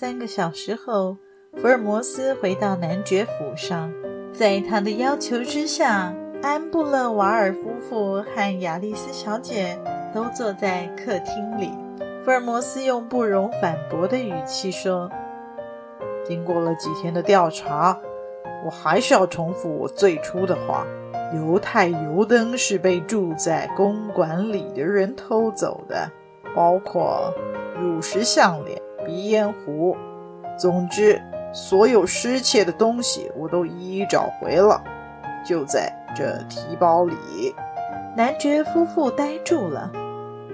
三個小時後，福爾摩斯回到男爵府上。在他的要求之下，安布勒瓦爾夫婦和雅麗斯小姐都坐在客廳裡。福爾摩斯用不容反駁的語氣說：“經過了幾天的調查，我還是要重複我最初的話：猶太油燈是被住在公館裡的人偷走的，包括乳石項鏈。”鼻煙壺，總之，所有失竊的東西我都一一找回了，就在這提包裡。男爵夫婦呆住了，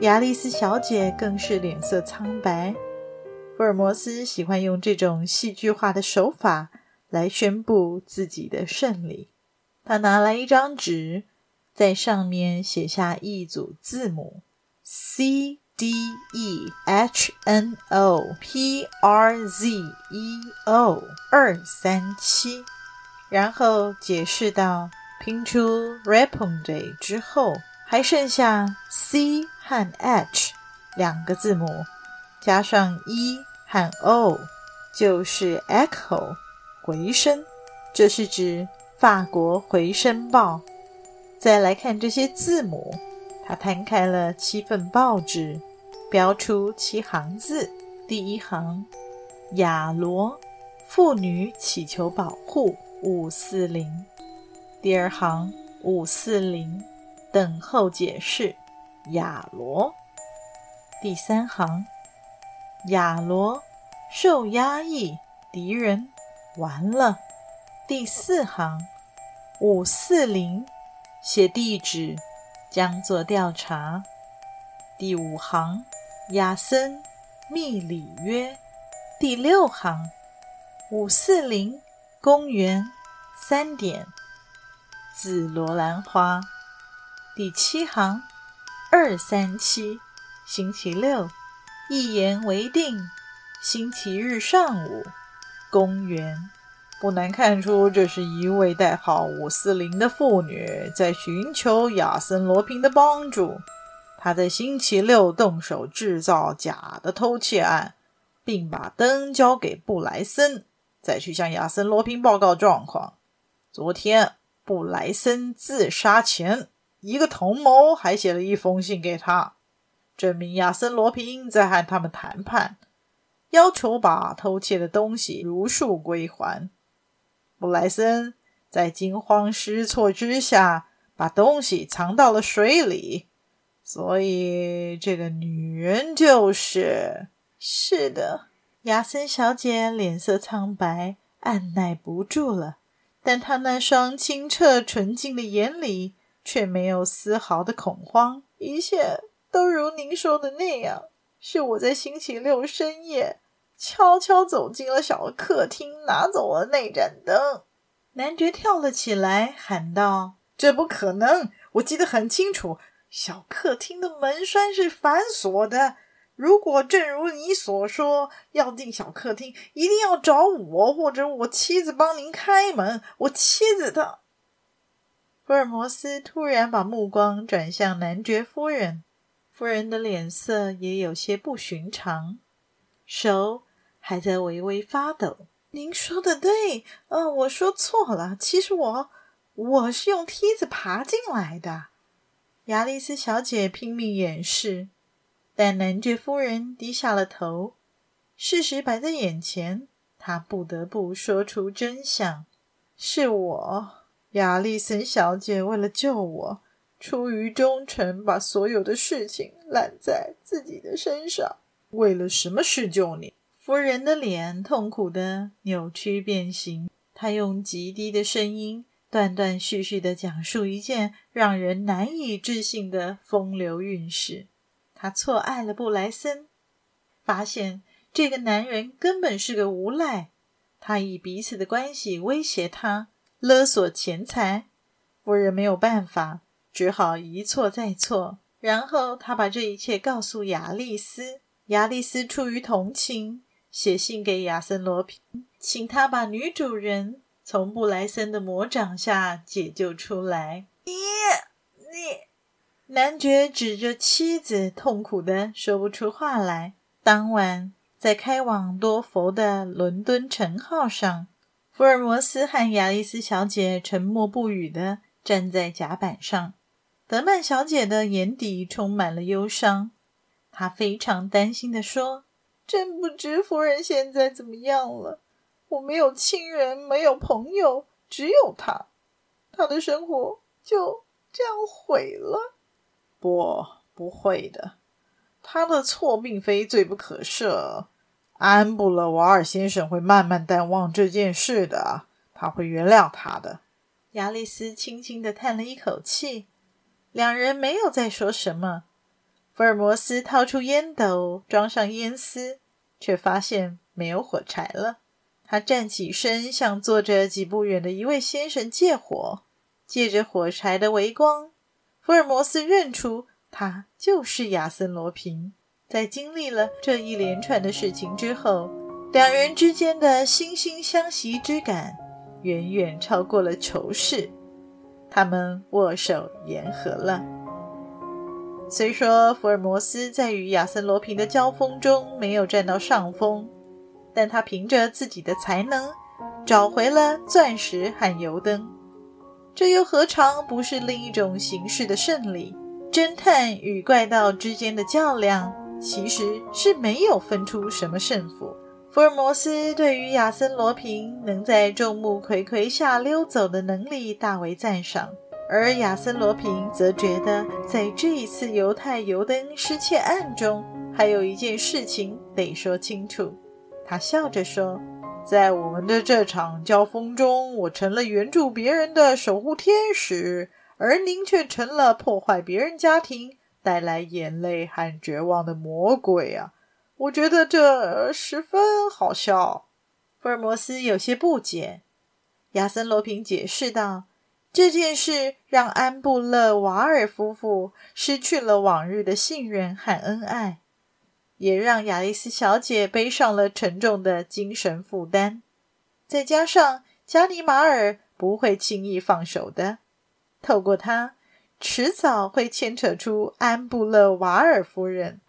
雅麗斯小姐更是臉色蒼白。福爾摩斯喜歡用這種戲劇化的手法來宣布自己的勝利。他拿來一張紙，在上面寫下一組字母：C。D E H N O P R Z E O 二三七，然後解釋到拼出 répondez 之後，還剩下 C 和 H 兩個字母，加上 E 和 O 就是 echo 回聲，這是指法國回聲報。再來看這些字母。他攤開了七份報紙，標出七行字：第一行“雅羅婦女祈求保護五四零”；第二行“五四零等候解釋雅羅”；第三行“雅羅受壓抑敵人完了”；第四行“五四零寫地址”。將做調查。第五行，雅森·密里約。第六行，五四零，公園，三點。紫羅蘭花。第七行，二三七，星期六。一言為定。星期日上午，公園。不難看出，這是一位代號“五四零”的婦女在尋求亞森·羅平的幫助。她在星期六動手制造假的偷竊案，並把燈交給布萊森，再去向亞森·羅平報告狀況。昨天，布萊森自殺前，一個同謀還寫了一封信給他，證明亞森·羅平在和他們談判，要求把偷竊的東西如數歸還。布萊森在驚慌失措之下，把東西藏到了水裡，所以這個女人就是……是的。亞森小姐臉色蒼白，按捺不住了，但她那雙清澈純淨的眼裡卻沒有絲毫的恐慌。一切都如您說的那樣，是我在星期六深夜。悄悄走進了小客廳，拿走了那盞燈。男爵跳了起來，喊道：“這不可能！我記得很清楚，小客廳的門閂是反鎖的。如果正如你所說，要進小客廳，一定要找我或者我妻子幫您開門。我妻子的……的福爾摩斯突然把目光轉向男爵夫人，夫人的臉色也有些不尋常，手。還在微微發抖。您說的對，呃，我說錯了。其實我，我是用梯子爬進來的。雅麗斯小姐拼命掩飾，但男爵夫人低下了頭。事實擺在眼前，她不得不說出真相。是我，雅麗森小姐為了救我，出於忠誠，把所有的事情攬在自己的身上。為了什麼事救你？夫人的臉痛苦地扭曲變形，她用極低的聲音斷斷續續地講述一件讓人難以置信的風流韻事：她錯愛了布萊森，發現這個男人根本是個無賴，他以彼此的關係威脅他，勒索錢財。夫人沒有辦法，只好一錯再錯。然後他把這一切告訴雅麗絲，雅麗絲出於同情。寫信給亞森·羅蘋，請他把女主人從布萊森的魔掌下解救出來。你你，你男爵指着妻子，痛苦地說不出話來。當晚，在開往多佛的倫敦城號上，福爾摩斯和雅麗絲小姐沉默不語地站在甲板上。德曼小姐的眼底充滿了憂傷，她非常擔心地說。真不知夫人現在怎麼樣了。我沒有親人，沒有朋友，只有他，他的生活就這樣毀了。不，不會的，他的錯並非罪不可赦。安布勒瓦爾先生會慢慢淡忘這件事的，他會原諒他的。亞麗絲輕輕地嘆了一口氣，兩人沒有再說什麼。福爾摩斯掏出煙斗，裝上煙絲，卻發現沒有火柴了。他站起身，向坐着幾步遠的一位先生借火。借着火柴的微光，福爾摩斯認出他就是亞森·羅平。在經歷了這一連串的事情之後，兩人之間的惺惺相惜之感遠遠超過了仇視，他們握手言和了。雖說福爾摩斯在與亞森羅平的交鋒中沒有占到上風，但他憑着自己的才能找回了鑽石和油燈，這又何嘗不是另一種形式的勝利？偵探與怪盜之間的較量其實是沒有分出什麼勝負。福爾摩斯對於亞森羅平能在眾目睽睽下溜走的能力大為讚賞。而亞森·羅平則覺得，在這一次猶太油燈失竊案中，還有一件事情得說清楚。他笑着說：“在我們的這場交鋒中，我成了援助別人的守護天使，而您卻成了破壞別人家庭、帶來眼淚和絕望的魔鬼啊！我覺得這、呃、十分好笑。”福爾摩斯有些不解，亞森·羅平解釋道。這件事讓安布勒瓦爾夫婦失去了往日的信任和恩愛，也讓雅麗絲小姐背上了沉重的精神負擔。再加上加尼馬爾不會輕易放手的，透過他，遲早會牽扯出安布勒瓦爾夫人，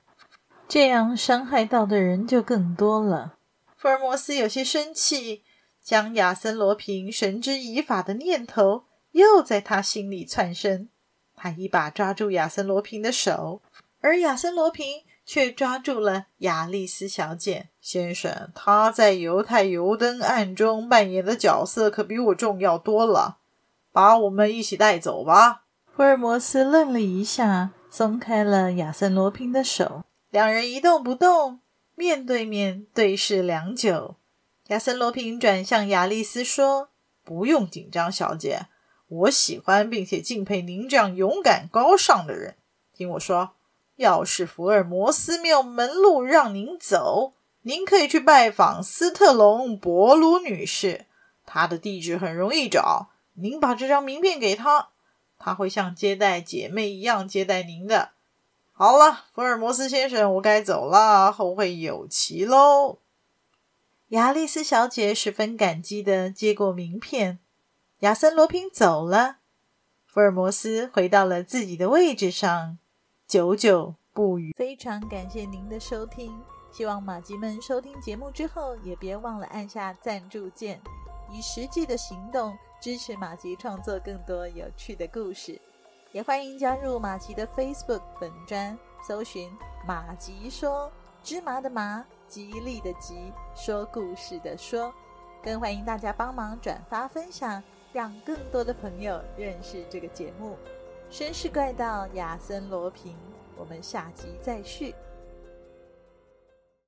這樣傷害到的人就更多了。福爾摩斯有些生氣，將亞森·羅平繩之以法的念頭。又在他心裡竄身，他一把抓住亞森羅平的手，而亞森羅平卻抓住了亞麗絲小姐。先生，她在猶太油燈案中扮演的角色可比我重要多了。把我們一起帶走吧。福爾摩斯愣了一下，鬆開了亞森羅平的手。兩人一動不動，面對面對視良久。亞森羅平轉向亞麗絲說：“不用緊張，小姐。”我喜歡並且敬佩您這樣勇敢高尚的人。聽我說，要是福爾摩斯沒有門路讓您走，您可以去拜訪斯特龍博魯女士，她的地址很容易找。您把這張名片給她，她會像接待姐妹一樣接待您的。好了，福爾摩斯先生，我該走了，後會有期嘍。雅麗絲小姐十分感激地接過名片。亞森·羅蘋走了，福爾摩斯回到了自己的位置上，久久不語。非常感謝您的收聽，希望馬吉們收聽節目之後也別忘了按下贊助鍵，以實際的行動支持馬吉創作更多有趣的故事。也歡迎加入馬吉的 Facebook 本專，搜尋“馬吉說，芝麻的麻，吉利的吉，說故事的說”，更歡迎大家幫忙轉發分享。讓更多的朋友認識這個節目，《紳士怪盜亞森羅平》，我們下集再續。